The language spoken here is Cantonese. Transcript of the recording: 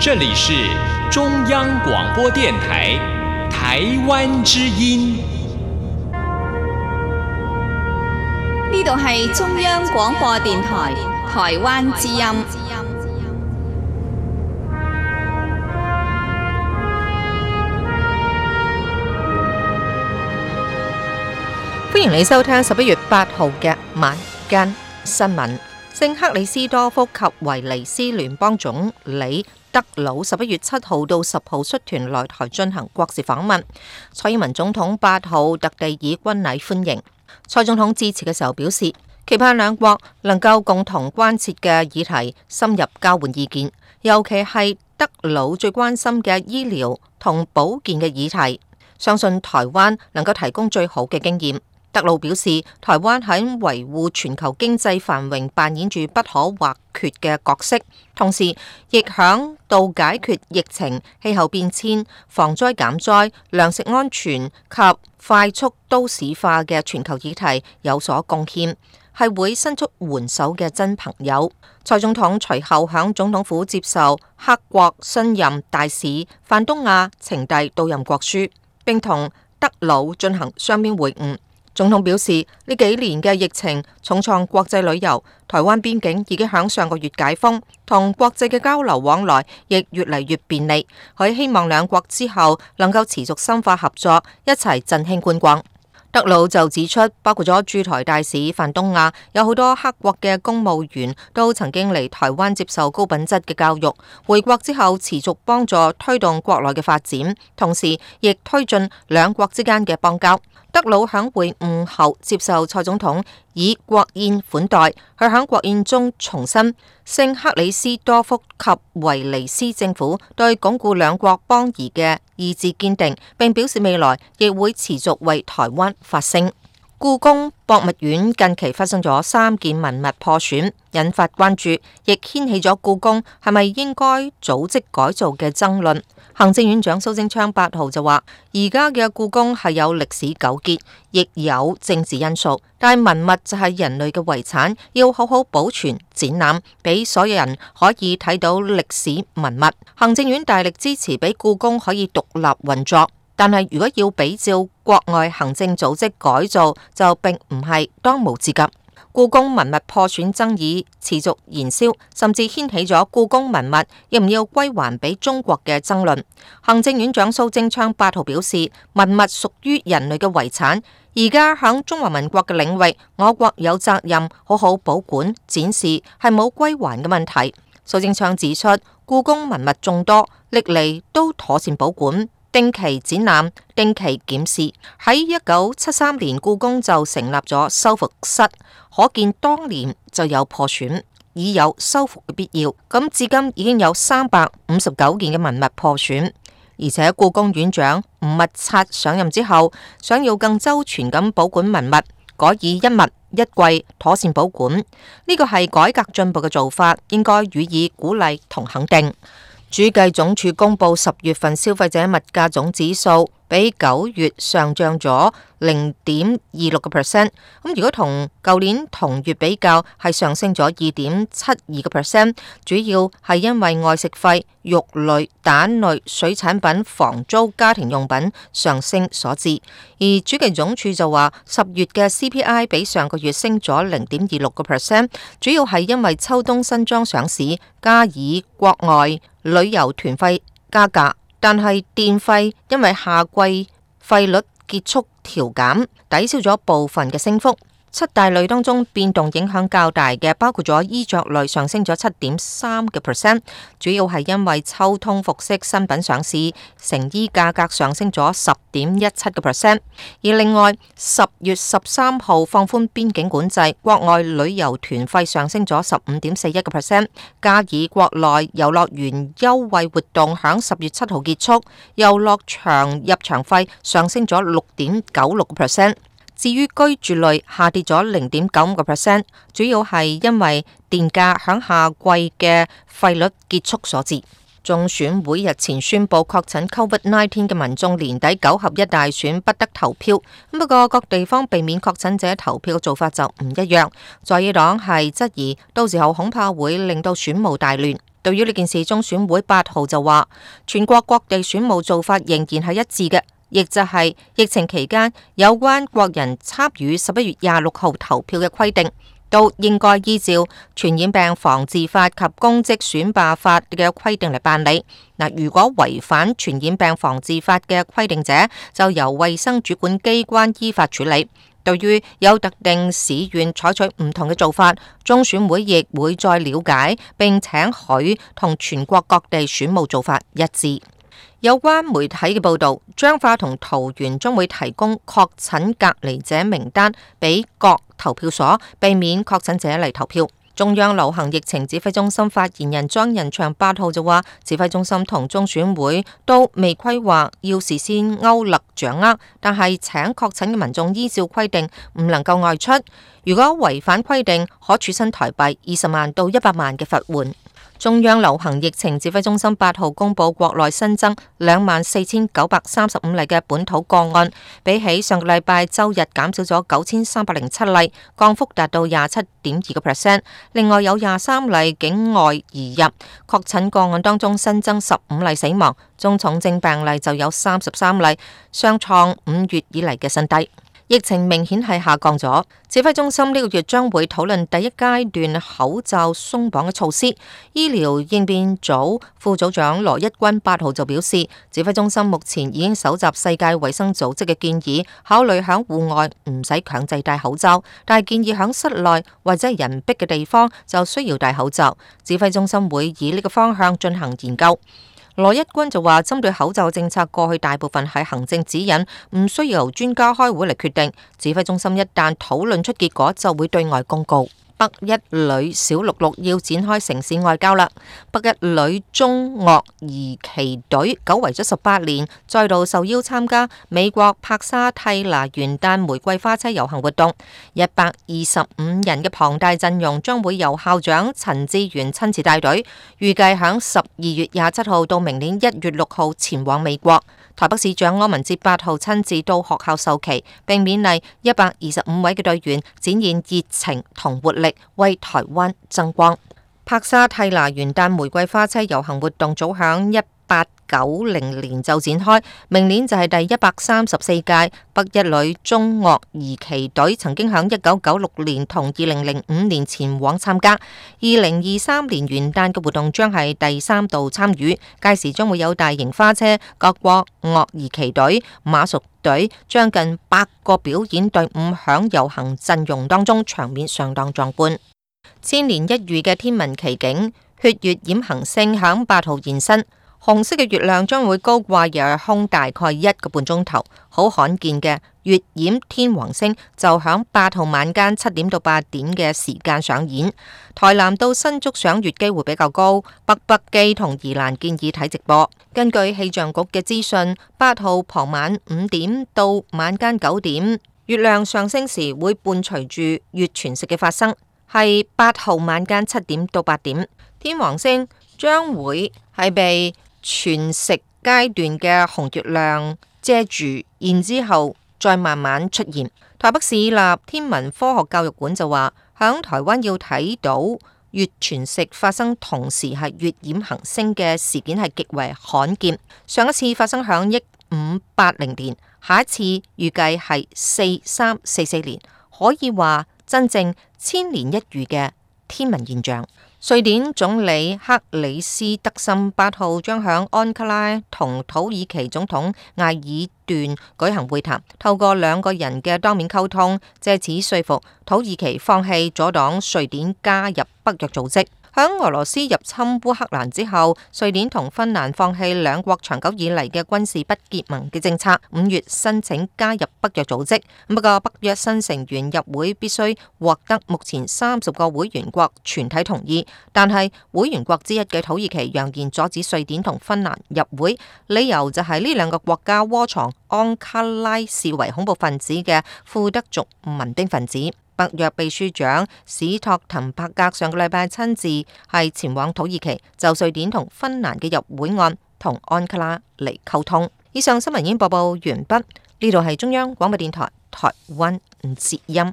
這裡是中央廣播電台台灣之音。呢度係中央廣播電台台灣之音。歡迎你收聽十一月八號嘅晚間新聞。聖克里斯多福及維尼斯聯邦總理。德魯十一月七號到十號率團來台進行國事訪問，蔡英文總統八號特地以軍禮歡迎。蔡總統致詞嘅時候表示，期盼兩國能夠共同關切嘅議題深入交換意見，尤其係德魯最關心嘅醫療同保健嘅議題，相信台灣能夠提供最好嘅經驗。德魯表示，台灣喺維護全球經濟繁榮扮演住不可或缺嘅角色，同時亦響度解決疫情、氣候變遷、防災減災、糧食安全及快速都市化嘅全球議題有所貢獻，係會伸出援手嘅真朋友。蔡總統隨後響總統府接受克國新任大使范東亞呈遞到任國書，並同德魯進行雙邊會晤。總統表示，呢幾年嘅疫情重創國際旅遊，台灣邊境已經喺上個月解封，同國際嘅交流往來亦越嚟越便利。佢希望兩國之後能夠持續深化合作，一齊振興觀光。德魯就指出，包括咗駐台大使范東亞，有好多黑國嘅公務員都曾經嚟台灣接受高品質嘅教育，回國之後持續幫助推動國內嘅發展，同時亦推進兩國之間嘅邦交。德魯響會晤後接受蔡總統以國宴款待，佢響國宴中重申，聖克里斯多福及維尼斯政府對鞏固兩國邦誼嘅意志堅定，並表示未來亦會持續為台灣，發聲，故宮博物院近期發生咗三件文物破損，引發關注，亦掀起咗故宮係咪應該組織改造嘅爭論。行政院長蘇貞昌八號就話，而家嘅故宮係有歷史糾結，亦有政治因素，但文物就係人類嘅遺產，要好好保存、展覽，俾所有人可以睇到歷史文物。行政院大力支持俾故宮可以獨立運作。但係，如果要比照國外行政組織改造，就並唔係當務之急。故宮文物破損爭議持續延燒，甚至掀起咗故宮文物要唔要歸還俾中國嘅爭論。行政院長蘇貞昌八號表示，文物屬於人類嘅遺產，而家喺中華民國嘅領域，我國有責任好好保管展示，係冇歸還嘅問題。蘇貞昌指出，故宮文物眾多，歷嚟都妥善保管。定期展覽、定期檢視，喺一九七三年故宮就成立咗修復室，可見當年就有破損，已有修復嘅必要。咁至今已經有三百五十九件嘅文物破損，而且故宮院長吳密察上任之後，想要更周全咁保管文物，改以一物一櫃妥善保管，呢、這個係改革進步嘅做法，應該予以鼓勵同肯定。主計總署公布十月份消費者物價總指數。比九月上漲咗零點二六個 percent，咁如果同舊年同月比較，係上升咗二點七二個 percent，主要係因為外食費、肉類、蛋類、水產品、房租、家庭用品上升所致。而主計總處就話，十月嘅 CPI 比上個月上升咗零點二六個 percent，主要係因為秋冬新裝上市、加以國外旅遊團費加價。但係電費因為夏季費率結束調減，抵消咗部分嘅升幅。七大類當中變動影響較大嘅，包括咗衣着類上升咗七點三個 percent，主要係因為秋冬服飾新品上市，成衣價格上升咗十點一七個 percent。而另外，十月十三號放寬邊境管制，國外旅遊團費上升咗十五點四一個 percent。加以國內遊樂園優惠活動，響十月七號結束，遊樂場入場費上升咗六點九六個 percent。至於居住類下跌咗零點九五個 percent，主要係因為電價響下季嘅費率結束所致。中選會日前宣布確診 COVID-19 嘅民眾年底九合一大選不得投票，不過各地方避免確診者投票嘅做法就唔一樣。在野黨係質疑，到時候恐怕會令到選務大亂。對於呢件事，中選會八號就話，全國各地選務做法仍然係一致嘅。亦就係疫情期間有關國人參與十一月廿六號投票嘅規定，都應該依照傳染病防治法及公職選罷法嘅規定嚟辦理。嗱，如果違反傳染病防治法嘅規定者，就由衛生主管機關依法處理。對於有特定市縣採取唔同嘅做法，中選會亦會再了解並請佢同全國各地選務做法一致。有關媒體嘅報道，彰化同桃園將會提供確診隔離者名單俾各投票所，避免確診者嚟投票。中央流行疫情指揮中心發言人莊人祥八號就話：指揮中心同中選會都未規劃，要事先勾勒掌握，但係請確診嘅民眾依照規定唔能夠外出。如果違反規定，可處新台幣二十萬到一百萬嘅罰款。中央流行疫情指揮中心八號公布國內新增兩萬四千九百三十五例嘅本土個案，比起上個禮拜周日減少咗九千三百零七例，降幅達到廿七點二個 percent。另外有廿三例境外移入確診個案，當中新增十五例死亡，中重症病例就有三十三例，雙創五月以嚟嘅新低。疫情明顯係下降咗，指揮中心呢個月將會討論第一階段口罩鬆綁嘅措施。醫療應變組副組長羅一鈞八號就表示，指揮中心目前已經搜集世界衛生組織嘅建議，考慮喺戶外唔使強制戴口罩，但係建議喺室內或者人逼嘅地方就需要戴口罩。指揮中心會以呢個方向進行研究。羅一君就話，針對口罩政策，過去大部分係行政指引，唔需要由專家開會嚟決定。指揮中心一旦討論出結果，就會對外公告。北一女小六六要展開城市外交啦！北一女中樂儀旗隊久違咗十八年，再度受邀參加美國帕莎蒂拿元旦玫瑰花車遊行活動，一百二十五人嘅龐大陣容將會由校長陳志源親自帶隊，預計響十二月廿七號到明年一月六號前往美國。台北市長柯文哲八號親自到學校授旗，並勉勵一百二十五位嘅隊員展現熱情同活力。為台灣爭光，帕莎蒂娜元旦玫瑰花車遊行活動早響一九零年就展開，明年就係第一百三十四屆。北一女中樂儀旗隊曾經響一九九六年同二零零五年前往參加，二零二三年元旦嘅活動將係第三度參與。屆時將會有大型花車、各國樂儀旗隊、馬術隊，將近百個表演隊伍響遊行陣容當中，場面相當壯觀。千年一遇嘅天文奇景，血月掩行星響八號現身。紅色嘅月亮將會高掛夜空大概一個半鐘頭，好罕見嘅月掩天王星就響八號晚間七點到八點嘅時間上演。台南到新竹賞月機會比較高，北北基同宜蘭建議睇直播。根據氣象局嘅資訊，八號傍晚五點到晚間九點，月亮上升時會伴隨住月全食嘅發生，係八號晚間七點到八點，天王星將會係被。全食階段嘅紅月亮遮住，然之後再慢慢出現。台北市立天文科學教育館就話，響台灣要睇到月全食發生同時係月掩行星嘅事件係極為罕見。上一次發生響一五八零年，下一次預計係四三四四年，可以話真正千年一遇嘅天文現象。瑞典總理克里斯德森八號將響安卡拉同土耳其總統艾爾段舉行會談，透過兩個人嘅當面溝通，借此說服土耳其放棄阻擋瑞典加入北約組織。喺俄羅斯入侵烏克蘭之後，瑞典同芬蘭放棄兩國長久以嚟嘅軍事不結盟嘅政策，五月申請加入北約組織。不過北約新成員入會必須獲得目前三十個會員國全體同意，但係會員國之一嘅土耳其揚言阻止瑞典同芬蘭入會，理由就係呢兩個國家窩藏。安卡拉視為恐怖分子嘅庫德族民兵分子，北約秘書長史托滕伯格上個禮拜親自係前往土耳其，就瑞典同芬蘭嘅入會案同安卡拉嚟溝通。以上新聞已經播報完畢，呢度係中央廣播電台台灣之音。